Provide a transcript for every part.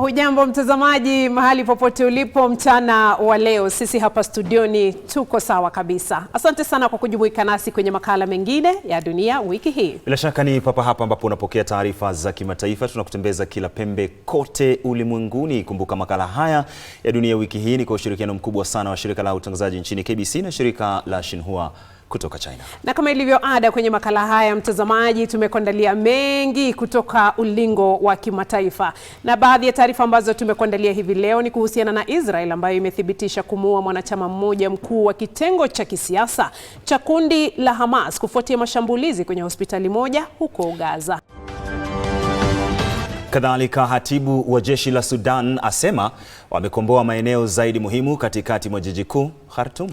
Hujambo mtazamaji, mahali popote ulipo mchana wa leo, sisi hapa studioni tuko sawa kabisa. Asante sana kwa kujumuika nasi kwenye makala mengine ya Dunia Wiki Hii. Bila shaka ni papa hapa ambapo unapokea taarifa za kimataifa, tunakutembeza kila pembe kote ulimwenguni. Kumbuka makala haya ya Dunia Wiki Hii ni kwa ushirikiano mkubwa sana wa shirika la utangazaji nchini KBC na shirika la Shinhua kutoka China. Na kama ilivyo ada kwenye makala haya mtazamaji, tumekuandalia mengi kutoka ulingo wa kimataifa, na baadhi ya taarifa ambazo tumekuandalia hivi leo ni kuhusiana na Israel ambayo imethibitisha kumuua mwanachama mmoja mkuu wa kitengo cha kisiasa cha kundi la Hamas kufuatia mashambulizi kwenye hospitali moja huko Gaza. Kadhalika, hatibu wa jeshi la Sudan asema wamekomboa maeneo zaidi muhimu katikati mwa jiji kuu Khartoum.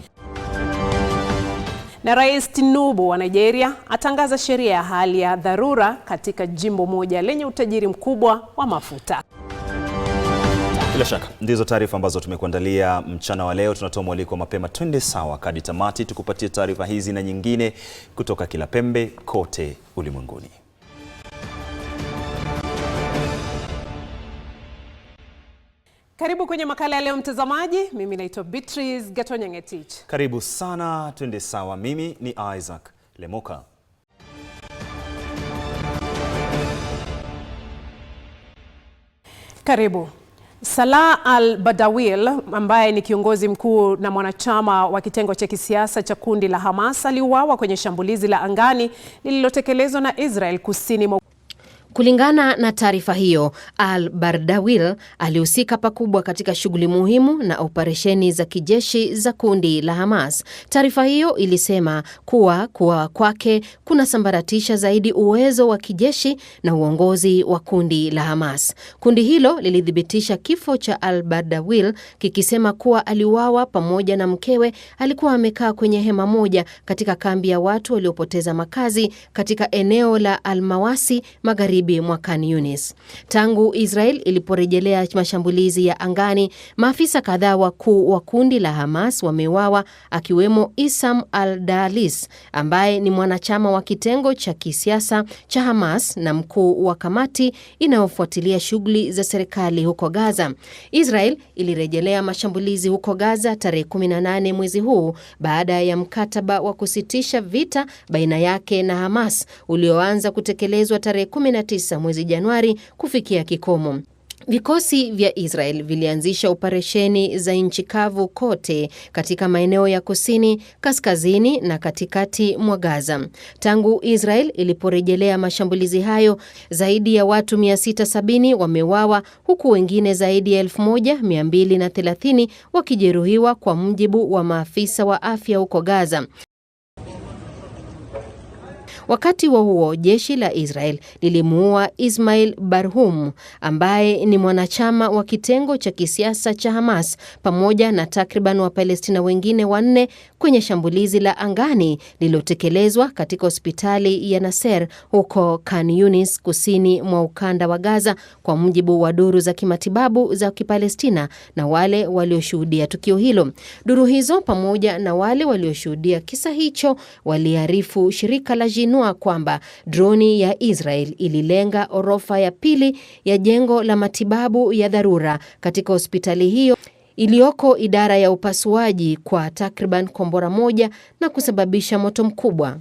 Na Rais Tinubu wa Nigeria atangaza sheria ya hali ya dharura katika jimbo moja lenye utajiri mkubwa wa mafuta. Bila shaka ndizo taarifa ambazo tumekuandalia mchana wa leo. Tunatoa mwaliko mapema, twende sawa kadi tamati tukupatie taarifa hizi na nyingine kutoka kila pembe kote ulimwenguni. Karibu kwenye makala ya leo mtazamaji, mimi naitwa Beatrice Gatonyang'etich. Karibu sana, twende sawa. Mimi ni Isaac Lemoka. Karibu. Salah al-Badawil ambaye ni kiongozi mkuu na mwanachama wa kitengo cha kisiasa cha kundi la Hamas aliuawa kwenye shambulizi la angani lililotekelezwa na Israel kusini mwa Kulingana na taarifa hiyo, Al Bardawil alihusika pakubwa katika shughuli muhimu na operesheni za kijeshi za kundi la Hamas. Taarifa hiyo ilisema kuwa kuwa kwake kunasambaratisha zaidi uwezo wa kijeshi na uongozi wa kundi la Hamas. Kundi hilo lilithibitisha kifo cha Al Bardawil kikisema kuwa aliuawa pamoja na mkewe, alikuwa amekaa kwenye hema moja katika kambi ya watu waliopoteza makazi katika eneo la Almawasi magharibi magharibi Khan Yunis. Tangu Israel iliporejelea mashambulizi ya angani, maafisa kadhaa wakuu wa kundi la Hamas wamewawa akiwemo Isam al dalis ambaye ni mwanachama wa kitengo cha kisiasa cha Hamas na mkuu wa kamati inayofuatilia shughuli za serikali huko Gaza. Israel ilirejelea mashambulizi huko Gaza tarehe 18 mwezi huu baada ya mkataba wa kusitisha vita baina yake na Hamas ulioanza kutekelezwa tarehe 29 mwezi Januari kufikia kikomo. Vikosi vya Israel vilianzisha operesheni za nchi kavu kote katika maeneo ya kusini, kaskazini na katikati mwa Gaza. Tangu Israel iliporejelea mashambulizi hayo, zaidi ya watu 670 wamewawa huku wengine zaidi ya 1230 wakijeruhiwa kwa mujibu wa maafisa wa afya huko Gaza. Wakati wa huo jeshi la Israel lilimuua Ismail Barhum ambaye ni mwanachama wa kitengo cha kisiasa cha Hamas pamoja na takriban Wapalestina wengine wanne kwenye shambulizi la angani lililotekelezwa katika hospitali ya Nasser huko Khan Yunis, kusini mwa ukanda wa Gaza, kwa mujibu wa duru za kimatibabu za Kipalestina na wale walioshuhudia tukio hilo. Duru hizo pamoja na wale walioshuhudia kisa hicho waliarifu shirika la Jinu ikifafanua kwamba droni ya Israel ililenga orofa ya pili ya jengo la matibabu ya dharura katika hospitali hiyo iliyoko idara ya upasuaji kwa takriban kombora moja na kusababisha moto mkubwa.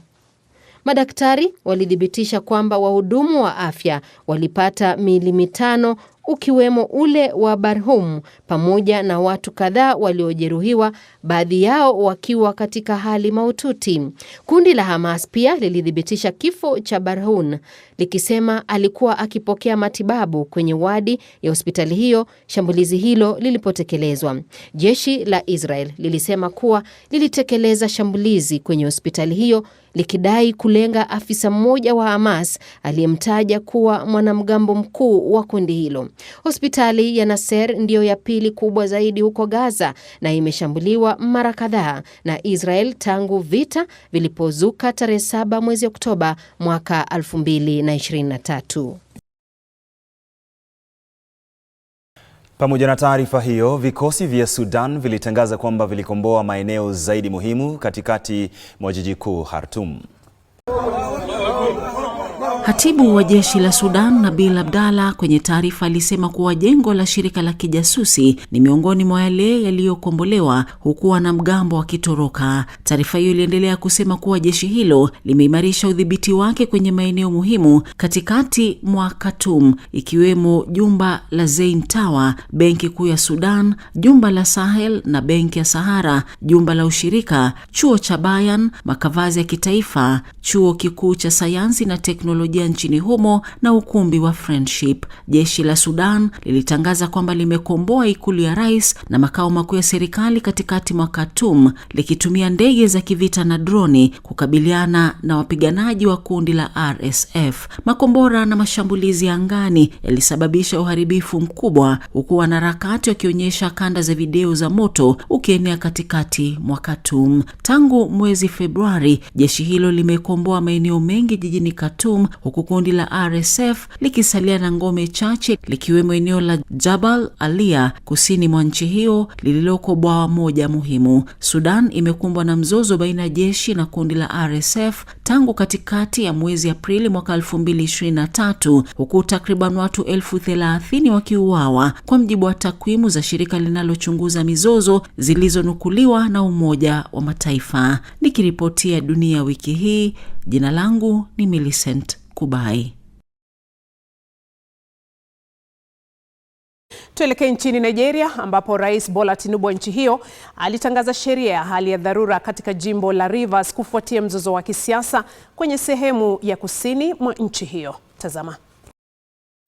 Madaktari walithibitisha kwamba wahudumu wa afya walipata miili mitano ukiwemo ule wa Barhum pamoja na watu kadhaa waliojeruhiwa, baadhi yao wakiwa katika hali mahututi. Kundi la Hamas pia lilithibitisha kifo cha Barhun likisema alikuwa akipokea matibabu kwenye wadi ya hospitali hiyo shambulizi hilo lilipotekelezwa. Jeshi la Israel lilisema kuwa lilitekeleza shambulizi kwenye hospitali hiyo likidai kulenga afisa mmoja wa Hamas aliyemtaja kuwa mwanamgambo mkuu wa kundi hilo. Hospitali ya Nasser ndiyo ya pili kubwa zaidi huko Gaza na imeshambuliwa mara kadhaa na Israel tangu vita vilipozuka tarehe saba mwezi Oktoba mwaka 2023. Pamoja na taarifa hiyo, vikosi vya Sudan vilitangaza kwamba vilikomboa maeneo zaidi muhimu katikati mwa jiji kuu Khartoum. Hatibu wa jeshi la Sudan Nabil abdalah kwenye taarifa alisema kuwa jengo la shirika la kijasusi ni miongoni mwa yale yaliyokombolewa huku wanamgambo wakitoroka. Taarifa hiyo iliendelea kusema kuwa jeshi hilo limeimarisha udhibiti wake kwenye maeneo muhimu katikati mwa Khartoum ikiwemo jumba la Zein Tower, benki kuu ya Sudan, jumba la Sahel na benki ya Sahara, jumba la ushirika, chuo cha Bayan, makavazi ya kitaifa, chuo kikuu cha sayansi na teknolojia kurejea nchini humo na ukumbi wa Friendship. Jeshi la Sudan lilitangaza kwamba limekomboa ikulu ya rais na makao makuu ya serikali katikati mwa katum likitumia ndege za kivita na droni kukabiliana na wapiganaji wa kundi la RSF. Makombora na mashambulizi ya angani yalisababisha uharibifu mkubwa, huku wanaharakati wakionyesha kanda za video za moto ukienea katikati mwa katum Tangu mwezi Februari, jeshi hilo limekomboa maeneo mengi jijini katum huku kundi la RSF likisalia na ngome chache likiwemo eneo la Jabal Alia kusini mwa nchi hiyo lililoko bwawa moja muhimu. Sudan imekumbwa na mzozo baina ya jeshi na kundi la RSF tangu katikati ya mwezi Aprili mwaka 2023 huku takriban watu elfu wakiuawa kwa mjibu wa takwimu za shirika linalochunguza mizozo zilizonukuliwa na Umoja wa Mataifa. Nikiripotia Dunia Wiki Hii, jina langu ni Millicent kubai. Tuelekee nchini Nigeria ambapo Rais Bola Tinubu wa nchi hiyo alitangaza sheria ya hali ya dharura katika jimbo la Rivers kufuatia mzozo wa kisiasa kwenye sehemu ya kusini mwa nchi hiyo. Tazama.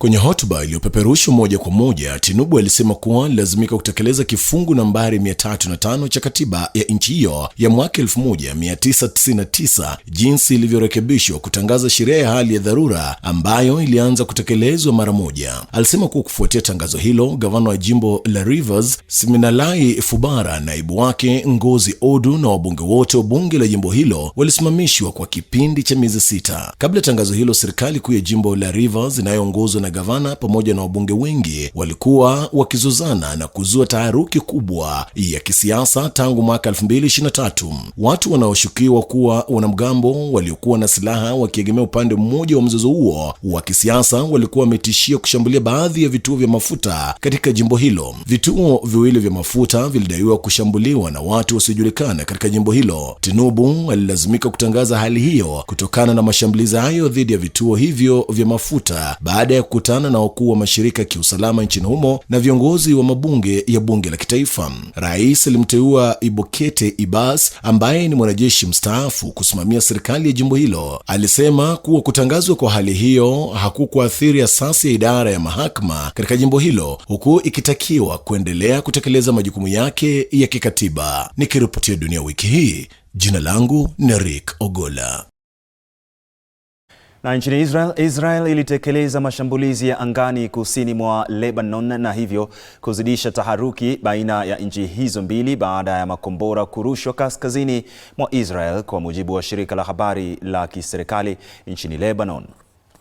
Kwenye hotuba iliyopeperushwa moja kwa moja, Tinubu alisema kuwa alilazimika kutekeleza kifungu nambari 305 cha katiba ya nchi hiyo ya mwaka 1999 jinsi ilivyorekebishwa kutangaza sheria ya hali ya dharura ambayo ilianza kutekelezwa mara moja. Alisema kuwa kufuatia tangazo hilo, gavana wa jimbo la Rivers Siminalai Fubara, naibu wake Ngozi Odu na wabunge wote wa bunge la jimbo hilo walisimamishwa kwa kipindi cha miezi sita. Kabla ya tangazo hilo, serikali kuu ya jimbo la Rivers inayoongozwa gavana pamoja na wabunge wengi walikuwa wakizozana na kuzua taharuki kubwa ya kisiasa tangu mwaka 2023. Watu wanaoshukiwa kuwa wanamgambo waliokuwa na silaha wakiegemea upande mmoja wa mzozo huo wa kisiasa walikuwa wametishia kushambulia baadhi ya vituo vya mafuta katika jimbo hilo. Vituo viwili vya mafuta vilidaiwa kushambuliwa na watu wasiojulikana katika jimbo hilo. Tinubu alilazimika kutangaza hali hiyo kutokana na mashambulizi hayo dhidi ya vituo hivyo vya mafuta baada ya kukutana na wakuu wa mashirika ya kiusalama nchini humo na viongozi wa mabunge ya bunge la kitaifa. Rais alimteua Ibokete Ibas ambaye ni mwanajeshi mstaafu kusimamia serikali ya jimbo hilo. Alisema kuwa kutangazwa kwa hali hiyo hakukuathiri asasi ya idara ya mahakama katika jimbo hilo, huku ikitakiwa kuendelea kutekeleza majukumu yake ya kikatiba. Nikiripotia Dunia Wiki Hii, jina langu ni Rick Ogola. Na nchini Israel, Israel ilitekeleza mashambulizi ya angani kusini mwa Lebanon na hivyo kuzidisha taharuki baina ya nchi hizo mbili baada ya makombora kurushwa kaskazini mwa Israel kwa mujibu wa shirika la habari la kiserikali nchini Lebanon.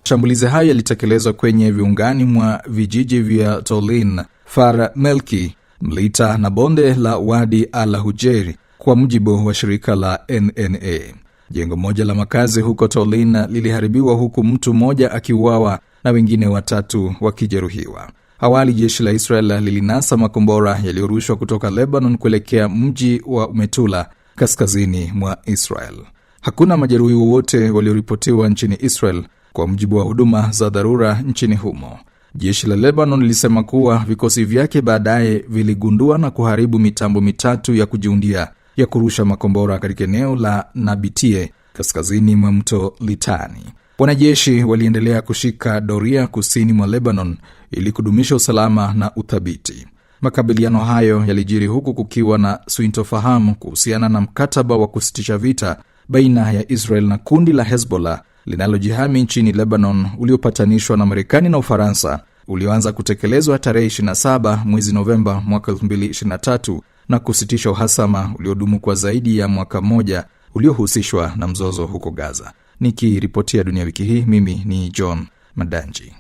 Mashambulizi hayo yalitekelezwa kwenye viungani mwa vijiji vya Tolin, Far Melki, Mlita na bonde la Wadi Al Hujeri kwa mujibu wa shirika la NNA. Jengo moja la makazi huko tolin liliharibiwa huku mtu mmoja akiuawa na wengine watatu wakijeruhiwa. Awali jeshi la Israel lilinasa makombora yaliyorushwa kutoka Lebanon kuelekea mji wa Metula kaskazini mwa Israel. Hakuna majeruhi wowote walioripotiwa nchini Israel kwa mujibu wa huduma za dharura nchini humo. Jeshi la Lebanon lilisema kuwa vikosi vyake baadaye viligundua na kuharibu mitambo mitatu ya kujiundia ya kurusha makombora katika eneo la Nabitie kaskazini mwa mto Litani. Wanajeshi waliendelea kushika doria kusini mwa Lebanon ili kudumisha usalama na uthabiti. Makabiliano hayo yalijiri huku kukiwa na sintofahamu kuhusiana na mkataba wa kusitisha vita baina ya Israel na kundi la Hezbollah linalojihami nchini Lebanon uliopatanishwa na Marekani na Ufaransa ulioanza kutekelezwa tarehe 27 mwezi Novemba mwaka 2023 na kusitisha uhasama uliodumu kwa zaidi ya mwaka mmoja uliohusishwa na mzozo huko Gaza. Nikiripotia Dunia Wiki Hii, mimi ni John Madanji.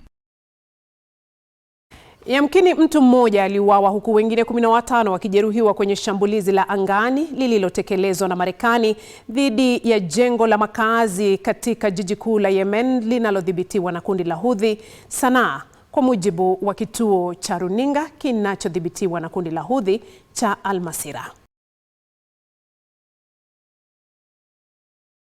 Yamkini mtu mmoja aliuawa huku wengine 15 wakijeruhiwa kwenye shambulizi la angani lililotekelezwa na Marekani dhidi ya jengo la makaazi katika jiji kuu la Yemen linalodhibitiwa na kundi la hudhi Sanaa, kwa mujibu wa kituo cha runinga kinachodhibitiwa na kundi la Houthi cha Al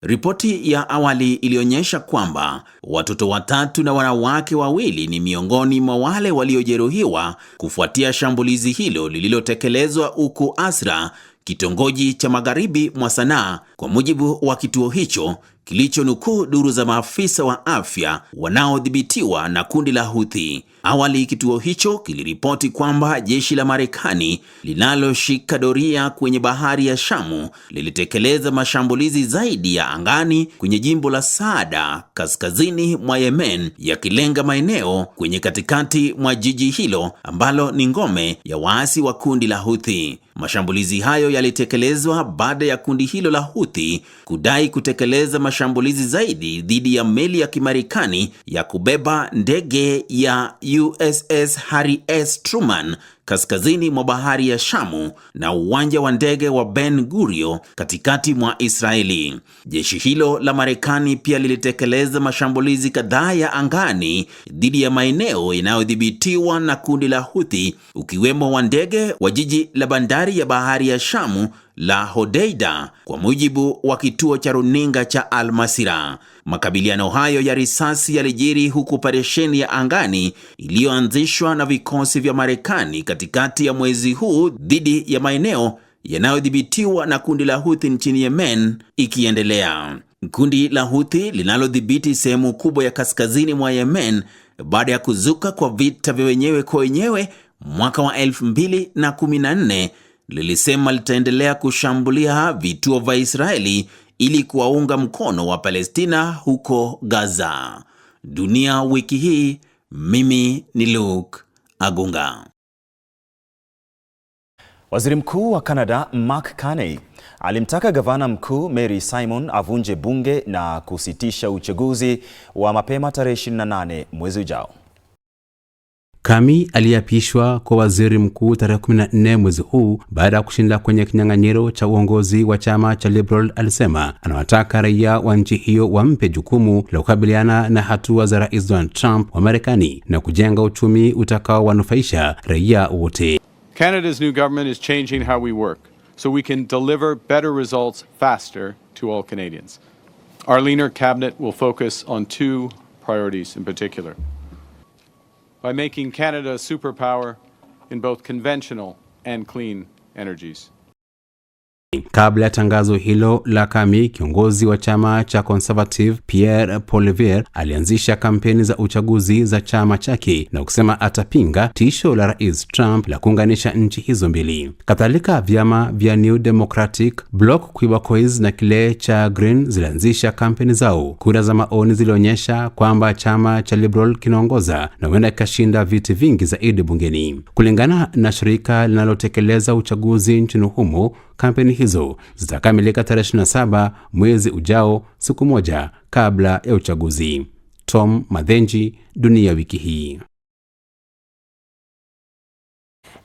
Ripoti ya awali ilionyesha kwamba watoto watatu na wanawake wawili ni miongoni mwa wale waliojeruhiwa kufuatia shambulizi hilo lililotekelezwa huko Asra, kitongoji cha magharibi mwa Sanaa, kwa mujibu wa kituo hicho kilichonukuu duru za maafisa wa afya wanaodhibitiwa na kundi la Houthi. Awali kituo hicho kiliripoti kwamba jeshi la Marekani linaloshika doria kwenye bahari ya Shamu lilitekeleza mashambulizi zaidi ya angani kwenye jimbo la Saada kaskazini mwa Yemen, yakilenga maeneo kwenye katikati mwa jiji hilo ambalo ni ngome ya waasi wa kundi la Houthi. Mashambulizi hayo yalitekelezwa baada ya kundi hilo la Houthi kudai kutekeleza mashambulizi zaidi dhidi ya meli ya Kimarekani ya kubeba ndege ya USS Harry S Truman kaskazini mwa bahari ya Shamu na uwanja wa ndege wa Ben Gurio katikati mwa Israeli. Jeshi hilo la Marekani pia lilitekeleza mashambulizi kadhaa ya angani dhidi ya maeneo yanayodhibitiwa na kundi la Houthi, ukiwemo wa ndege wa jiji la bandari ya bahari ya Shamu la Hodeida, kwa mujibu wa kituo cha runinga cha Almasira. Makabiliano hayo ya risasi yalijiri huku operesheni ya angani iliyoanzishwa na vikosi vya Marekani katikati ya mwezi huu dhidi ya maeneo yanayodhibitiwa na kundi la Houthi nchini Yemen ikiendelea. Kundi la Houthi linalodhibiti sehemu kubwa ya kaskazini mwa Yemen baada ya kuzuka kwa vita vya wenyewe kwa wenyewe mwaka wa 2014 lilisema litaendelea kushambulia vituo vya Israeli ili kuwaunga mkono wa Palestina huko Gaza. Dunia wiki hii, mimi ni Luke Agunga. Waziri Mkuu wa Kanada Mark Carney alimtaka gavana mkuu Mary Simon avunje bunge na kusitisha uchaguzi wa mapema tarehe 28 mwezi ujao. Kami aliyeapishwa kwa waziri mkuu tarehe 14 mwezi huu baada ya kushinda kwenye kinyang'anyiro cha uongozi wa chama cha Liberal alisema anawataka raia wa nchi hiyo wampe jukumu la kukabiliana na hatua za Rais Donald Trump wa Marekani na kujenga uchumi utakaowanufaisha raia wote. Canada's new government is changing how we work so we can deliver better results faster to all Canadians. Our leaner cabinet will focus on two priorities in particular. by making Canada a superpower in both conventional and clean energies. Kabla ya tangazo hilo la Kami, kiongozi wa chama cha Conservative Pierre Poilievre alianzisha kampeni za uchaguzi za chama chake na kusema atapinga tisho la Rais Trump la kuunganisha nchi hizo mbili. Kadhalika, vyama vya New Democratic Bloc Quebecois na kile cha Green zilianzisha kampeni zao. Kura za maoni zilionyesha kwamba chama cha Liberal kinaongoza na huenda kikashinda viti vingi zaidi bungeni, kulingana na shirika linalotekeleza uchaguzi nchini humo. Kampeni hizo zitakamilika tarehe 27 mwezi ujao, siku moja kabla ya uchaguzi. Tom Madhenji, Dunia Wiki Hii.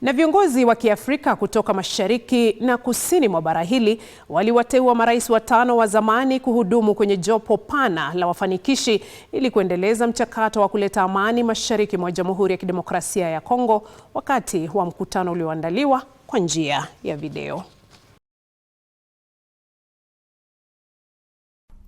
Na viongozi wa Kiafrika kutoka mashariki na kusini mwa bara hili waliwateua marais watano wa zamani kuhudumu kwenye jopo pana la wafanikishi ili kuendeleza mchakato wa kuleta amani mashariki mwa Jamhuri ya Kidemokrasia ya Kongo wakati wa mkutano ulioandaliwa kwa njia ya video.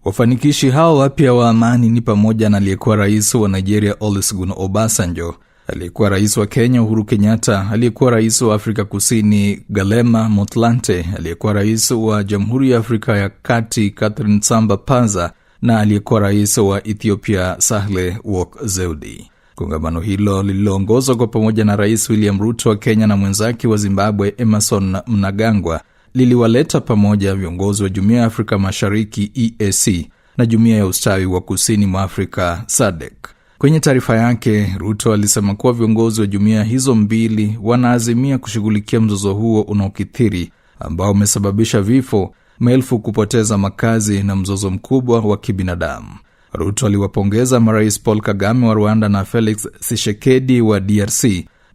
Wafanikishi hao wapya wa amani ni pamoja na aliyekuwa rais wa Nigeria Olusegun Obasanjo, aliyekuwa rais wa Kenya Uhuru Kenyatta, aliyekuwa rais wa Afrika Kusini Galema Motlante, aliyekuwa rais wa Jamhuri ya Afrika ya Kati Catherine Samba Panza na aliyekuwa rais wa Ethiopia Sahle Work Zewde. Kongamano hilo lililoongozwa kwa pamoja na Rais William Ruto wa Kenya na mwenzake wa Zimbabwe Emerson Mnangagwa liliwaleta pamoja viongozi wa Jumuiya ya Afrika Mashariki EAC na Jumuiya ya Ustawi wa Kusini mwa Afrika sadek Kwenye taarifa yake, Ruto alisema kuwa viongozi wa jumuiya hizo mbili wanaazimia kushughulikia mzozo huo unaokithiri ambao umesababisha vifo, maelfu kupoteza makazi na mzozo mkubwa wa kibinadamu. Ruto aliwapongeza marais Paul Kagame wa Rwanda na Felix sishekedi wa DRC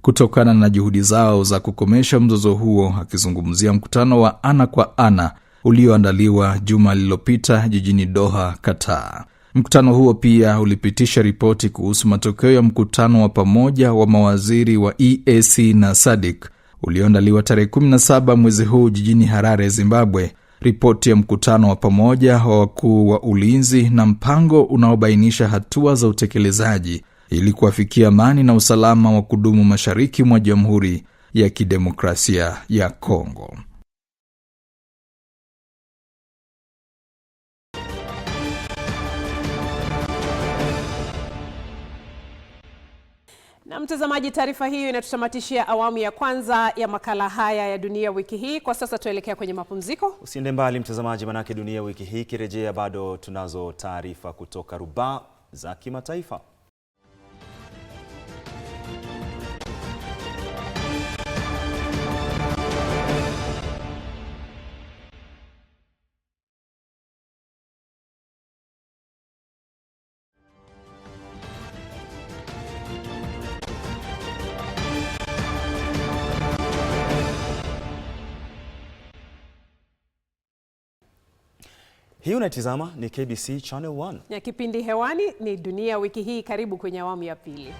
kutokana na juhudi zao za kukomesha mzozo huo, akizungumzia mkutano wa ana kwa ana ulioandaliwa juma lililopita jijini Doha, Qatar. Mkutano huo pia ulipitisha ripoti kuhusu matokeo ya mkutano wa pamoja wa mawaziri wa EAC na sadik ulioandaliwa tarehe 17 mwezi huu jijini Harare, Zimbabwe. Ripoti ya mkutano wa pamoja wa wakuu wa ulinzi na mpango unaobainisha hatua za utekelezaji ili kuwafikia amani na usalama wa kudumu mashariki mwa Jamhuri ya Kidemokrasia ya congo Na mtazamaji, taarifa hiyo inatutamatishia awamu ya kwanza ya makala haya ya Dunia Wiki Hii. Kwa sasa tuelekea kwenye mapumziko. Usiende mbali mtazamaji, manake Dunia Wiki Hii ikirejea, bado tunazo taarifa kutoka rubaa za kimataifa. Hii unaitizama ni KBC Channel 1 na kipindi hewani ni Dunia Wiki Hii. Karibu kwenye awamu ya pili.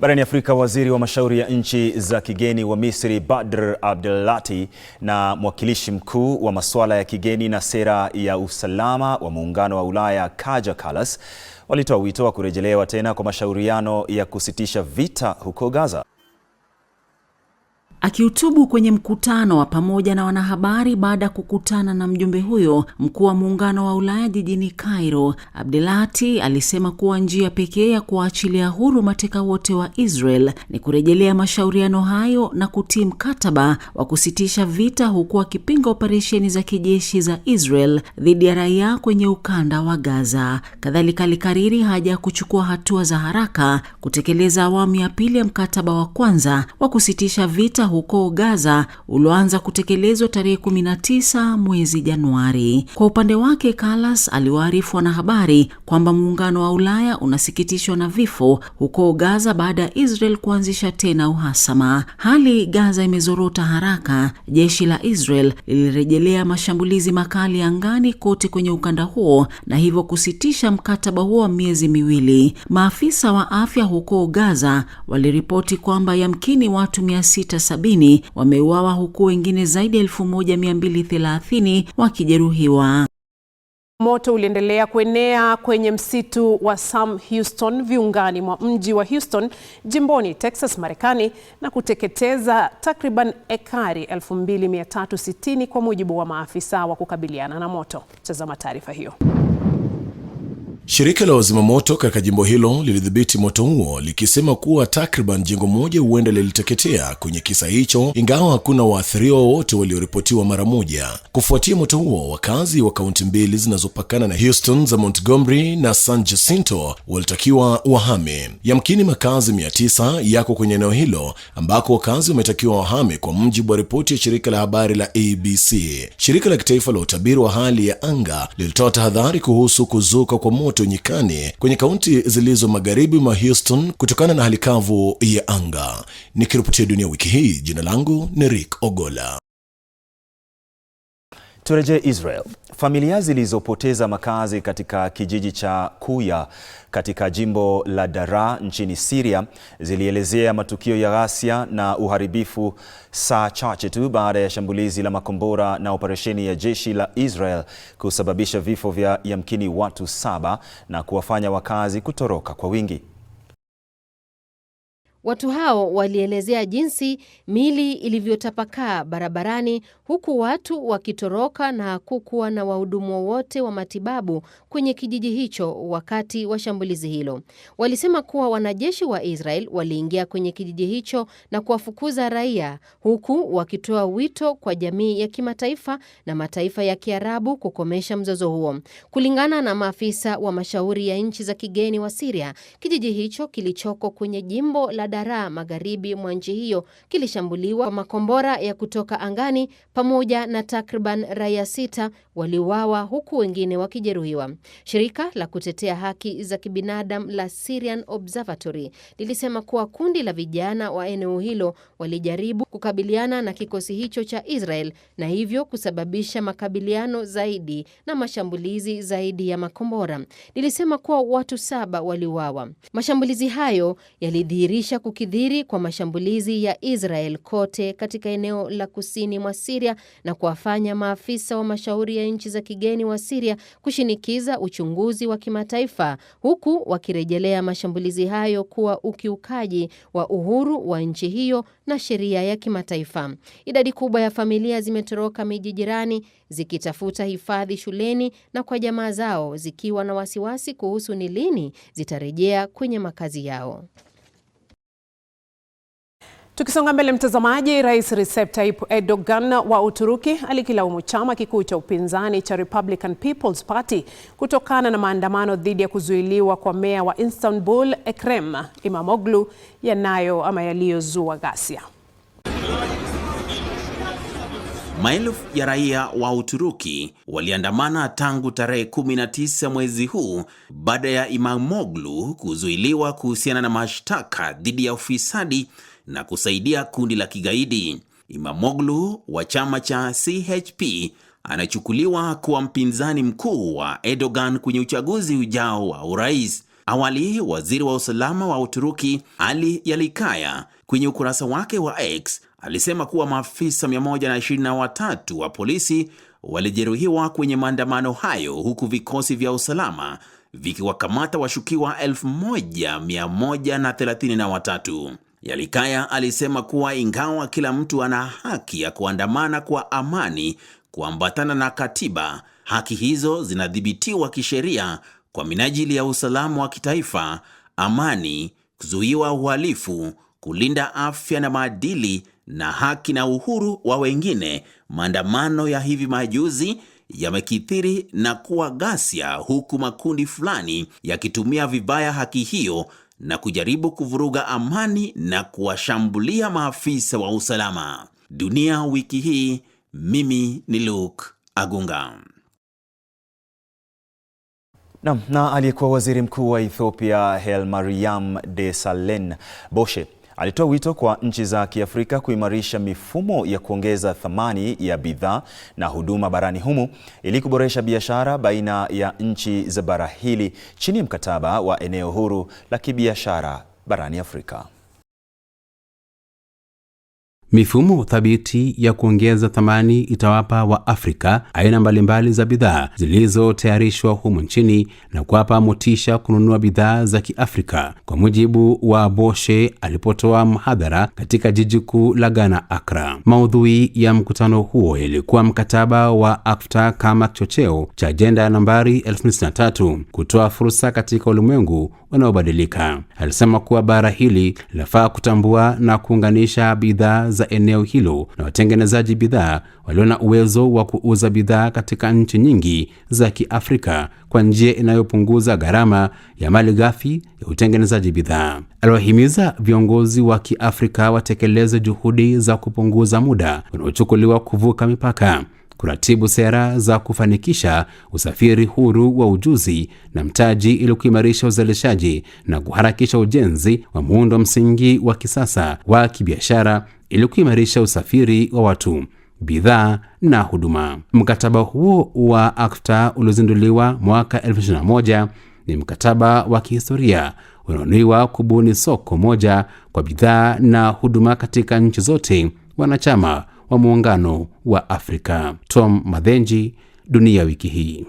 Barani Afrika, waziri wa mashauri ya nchi za kigeni wa Misri Badr Abdelati na mwakilishi mkuu wa masuala ya kigeni na sera ya usalama wa Muungano wa Ulaya Kaja Kallas walitoa wito wa kurejelewa tena kwa mashauriano ya kusitisha vita huko Gaza. Akihutubu kwenye mkutano wa pamoja na wanahabari baada ya kukutana na mjumbe huyo, mkuu wa muungano wa Ulaya jijini Cairo, Abdelati alisema kuwa njia pekee ya kuwaachilia huru mateka wote wa Israel ni kurejelea mashauriano hayo na kutii mkataba wa kusitisha vita, huku akipinga operesheni za kijeshi za Israel dhidi ya raia kwenye ukanda wa Gaza. Kadhalika alikariri haja ya kuchukua hatua za haraka kutekeleza awamu ya pili ya mkataba wa kwanza wa kusitisha vita huko Gaza ulioanza kutekelezwa tarehe 19 mwezi Januari. Kwa upande wake, kalas aliwaarifu wanahabari kwamba muungano wa Ulaya unasikitishwa na vifo huko Gaza baada ya Israel kuanzisha tena uhasama. Hali Gaza imezorota haraka. Jeshi la Israel lilirejelea mashambulizi makali angani kote kwenye ukanda huo na hivyo kusitisha mkataba huo wa miezi miwili. Maafisa wa afya huko Gaza waliripoti kwamba yamkini watu sabini wameuawa huku wengine zaidi ya 1230 wakijeruhiwa. Moto uliendelea kuenea kwenye msitu wa Sam Houston viungani mwa mji wa Houston jimboni Texas, Marekani na kuteketeza takriban ekari 2360 kwa mujibu wa maafisa wa kukabiliana na moto. Tazama taarifa hiyo. Shirika la wazimamoto katika jimbo hilo lilidhibiti moto huo likisema kuwa takriban jengo moja huenda liliteketea kwenye kisa hicho, ingawa hakuna waathiriwa wowote walioripotiwa mara moja. Kufuatia moto huo, wakazi wa kaunti mbili zinazopakana na Houston za Montgomery na San Jacinto walitakiwa wahame. Yamkini makazi 900 yako kwenye eneo hilo ambako wakazi wametakiwa wahame, kwa mujibu wa ripoti ya shirika la habari la ABC. Shirika la kitaifa la utabiri wa hali ya anga lilitoa tahadhari kuhusu kuzuka kwa moto moto nyikani kwenye kaunti zilizo magharibi mwa Houston kutokana na hali kavu ya anga. Nikiripotia Dunia Wiki Hii, jina langu ni Rick Ogola. Turejee Israel. Familia zilizopoteza makazi katika kijiji cha Kuya katika jimbo la Daraa nchini Syria zilielezea matukio ya ghasia na uharibifu saa chache tu baada ya shambulizi la makombora na operesheni ya jeshi la Israel kusababisha vifo vya yamkini watu saba na kuwafanya wakazi kutoroka kwa wingi. Watu hao walielezea jinsi miili ilivyotapakaa barabarani huku watu wakitoroka na hakukuwa na wahudumu wowote wa matibabu kwenye kijiji hicho wakati wa shambulizi hilo. Walisema kuwa wanajeshi wa Israel waliingia kwenye kijiji hicho na kuwafukuza raia huku wakitoa wito kwa jamii ya kimataifa na mataifa ya Kiarabu kukomesha mzozo huo. Kulingana na maafisa wa mashauri ya nchi za kigeni wa Syria, kijiji hicho kilichoko kwenye jimbo la Daraa magharibi mwa nchi hiyo kilishambuliwa kwa makombora ya kutoka angani pamoja na takriban raia sita waliuawa huku wengine wakijeruhiwa. Shirika la kutetea haki za kibinadamu la Syrian Observatory lilisema kuwa kundi la vijana wa eneo hilo walijaribu kukabiliana na kikosi hicho cha Israel na hivyo kusababisha makabiliano zaidi na mashambulizi zaidi ya makombora. Lilisema kuwa watu saba waliuawa. Mashambulizi hayo yalidhihirisha kukidhiri kwa mashambulizi ya Israel kote katika eneo la kusini mwa Siria na kuwafanya maafisa wa mashauri ya nchi za kigeni wa Siria kushinikiza uchunguzi wa kimataifa huku wakirejelea mashambulizi hayo kuwa ukiukaji wa uhuru wa nchi hiyo na sheria ya kimataifa. Idadi kubwa ya familia zimetoroka miji jirani zikitafuta hifadhi shuleni na kwa jamaa zao zikiwa na wasiwasi kuhusu ni lini zitarejea kwenye makazi yao. Tukisonga mbele mtazamaji, Rais Recep Tayyip Erdogan wa Uturuki alikilaumu chama kikuu cha upinzani cha Republican People's Party kutokana na maandamano dhidi ya kuzuiliwa kwa meya wa Istanbul Ekrem Imamoglu yanayo ama yaliyozua ghasia. Maelfu ya raia wa Uturuki waliandamana tangu tarehe 19 mwezi huu baada ya Imamoglu kuzuiliwa kuhusiana na mashtaka dhidi ya ufisadi na kusaidia kundi la kigaidi. Imamoglu wa chama cha CHP anachukuliwa kuwa mpinzani mkuu wa Erdogan kwenye uchaguzi ujao wa urais. Awali, waziri wa usalama wa Uturuki Ali Yalikaya kwenye ukurasa wake wa X alisema kuwa maafisa 123 wa polisi walijeruhiwa kwenye maandamano hayo huku vikosi vya usalama vikiwakamata washukiwa 1133. Yalikaya alisema kuwa ingawa kila mtu ana haki ya kuandamana kwa amani kuambatana na katiba, haki hizo zinadhibitiwa kisheria kwa minajili ya usalama wa kitaifa, amani, kuzuiwa uhalifu, kulinda afya na maadili na haki na uhuru wa wengine. Maandamano ya hivi majuzi yamekithiri na kuwa ghasia, huku makundi fulani yakitumia vibaya haki hiyo na kujaribu kuvuruga amani na kuwashambulia maafisa wa usalama. Dunia Wiki Hii. Mimi ni Luke Agunga. Naam, na aliyekuwa waziri mkuu wa Ethiopia de Desalegn Boshe Alitoa wito kwa nchi za Kiafrika kuimarisha mifumo ya kuongeza thamani ya bidhaa na huduma barani humu ili kuboresha biashara baina ya nchi za bara hili chini ya mkataba wa eneo huru la kibiashara barani Afrika. Mifumo thabiti ya kuongeza thamani itawapa Waafrika aina mbalimbali za bidhaa zilizotayarishwa humu nchini na kuwapa motisha kununua bidhaa za Kiafrika, kwa mujibu wa Boshe alipotoa mhadhara katika jiji kuu la Ghana, Akra, Maudhui ya mkutano huo ilikuwa mkataba wa afta kama kichocheo cha ajenda ya nambari 2063 kutoa fursa katika ulimwengu wanaobadilika. Alisema kuwa bara hili linafaa kutambua na kuunganisha bidhaa za eneo hilo na watengenezaji bidhaa walio na uwezo wa kuuza bidhaa katika nchi nyingi za Kiafrika kwa njia inayopunguza gharama ya mali ghafi ya utengenezaji bidhaa. Aliwahimiza viongozi wa Kiafrika watekeleze juhudi za kupunguza muda unaochukuliwa kuvuka mipaka kuratibu sera za kufanikisha usafiri huru wa ujuzi na mtaji ili kuimarisha uzalishaji na kuharakisha ujenzi wa muundo msingi wa kisasa wa kibiashara ili kuimarisha usafiri wa watu bidhaa na huduma. Mkataba huo wa akta uliozinduliwa mwaka 2021 ni mkataba wa kihistoria unaonuiwa kubuni soko moja kwa bidhaa na huduma katika nchi zote wanachama wa Muungano wa Afrika. Tom Madhenji, Dunia Wiki Hii.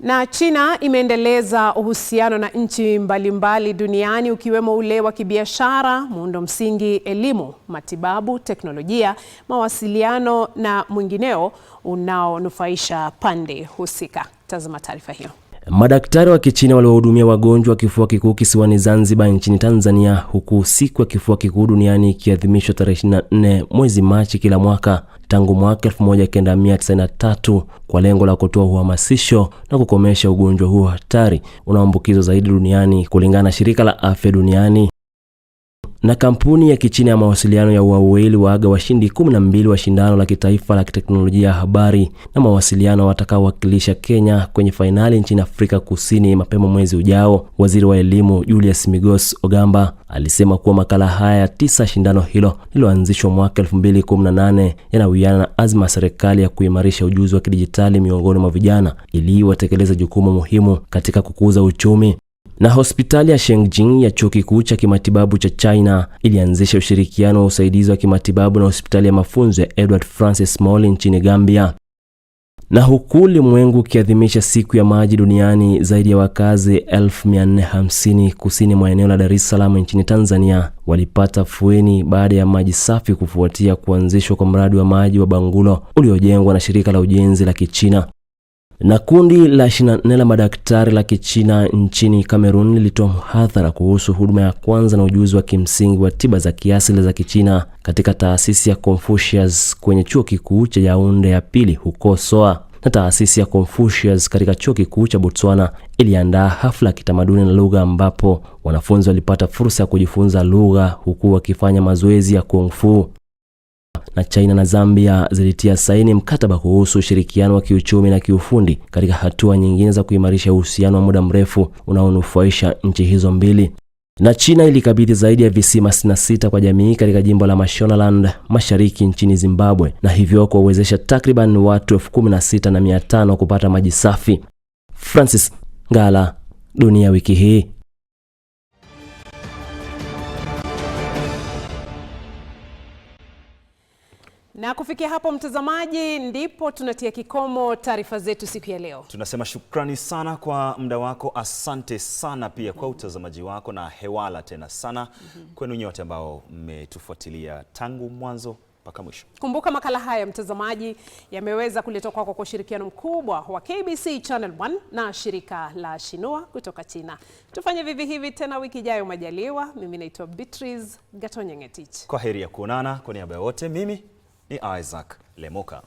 Na China imeendeleza uhusiano na nchi mbalimbali duniani ukiwemo ule wa kibiashara, muundo msingi, elimu, matibabu, teknolojia, mawasiliano na mwingineo unaonufaisha pande husika. Tazama taarifa hiyo. Madaktari wa Kichina waliwahudumia wagonjwa wa kifua kikuu kisiwani Zanzibar nchini Tanzania, huku siku ya kifua kikuu duniani ikiadhimishwa tarehe 24 mwezi Machi kila mwaka tangu mwaka 1993 kwa lengo la kutoa uhamasisho na kukomesha ugonjwa huo hatari unaoambukizwa zaidi duniani kulingana na Shirika la Afya Duniani. Na kampuni ya kichina ya mawasiliano ya Huawei waaga washindi 12 wa shindano la kitaifa la kiteknolojia ya habari na mawasiliano watakaowakilisha Kenya kwenye fainali nchini Afrika Kusini mapema mwezi ujao. Waziri wa elimu Julius Migos Ogamba alisema kuwa makala haya ya tisa shindano hilo lililoanzishwa mwaka 2018 yanawiana na azma ya serikali ya kuimarisha ujuzi wa kidijitali miongoni mwa vijana ili watekeleze jukumu muhimu katika kukuza uchumi na hospitali ya Shengjing ya chuo kikuu cha kimatibabu cha China ilianzisha ushirikiano wa usaidizi wa kimatibabu na hospitali ya mafunzo ya Edward Francis Moli nchini Gambia. Na huku ulimwengu ukiadhimisha siku ya maji duniani, zaidi ya wakazi 1450 kusini mwa eneo la Dar es Salaam nchini Tanzania walipata fueni baada ya maji safi kufuatia kuanzishwa kwa mradi wa maji wa Bangulo uliojengwa na shirika la ujenzi la Kichina. Na kundi la 24 la madaktari la Kichina nchini Kamerun lilitoa mhadhara kuhusu huduma ya kwanza na ujuzi wa kimsingi wa tiba za kiasili za Kichina katika taasisi ya Confucius kwenye chuo kikuu cha Yaounde ya pili huko Soa. Na taasisi ya Confucius katika chuo kikuu cha Botswana iliandaa hafla ya kitamaduni na lugha ambapo wanafunzi walipata fursa ya kujifunza lugha huku wakifanya mazoezi ya kung fu na China na Zambia zilitia saini mkataba kuhusu ushirikiano wa kiuchumi na kiufundi katika hatua nyingine za kuimarisha uhusiano wa muda mrefu unaonufaisha nchi hizo mbili. Na China ilikabidhi zaidi ya visima 66 kwa jamii katika jimbo la Mashonaland Mashariki nchini Zimbabwe na hivyo kuwawezesha takriban watu 16,500 kupata maji safi. Francis Ngala, Dunia Wiki Hii. Na kufikia hapo mtazamaji, ndipo tunatia kikomo taarifa zetu siku ya leo. Tunasema shukrani sana kwa muda wako, asante sana pia kwa utazamaji wako na hewala tena sana mm -hmm. kwenu nyote ambao mmetufuatilia tangu mwanzo mpaka mwisho. Kumbuka makala haya mtazamaji, yameweza kuletwa kwako kwa ushirikiano mkubwa wa KBC Channel 1 na shirika la Shinua kutoka China. Tufanye vivi hivi tena wiki ijayo majaliwa. Mimi naitwa Beatrice Gatonyengetich, kwa heri ya kuonana. Kwa niaba ya wote mimi ni Isaac Lemoka.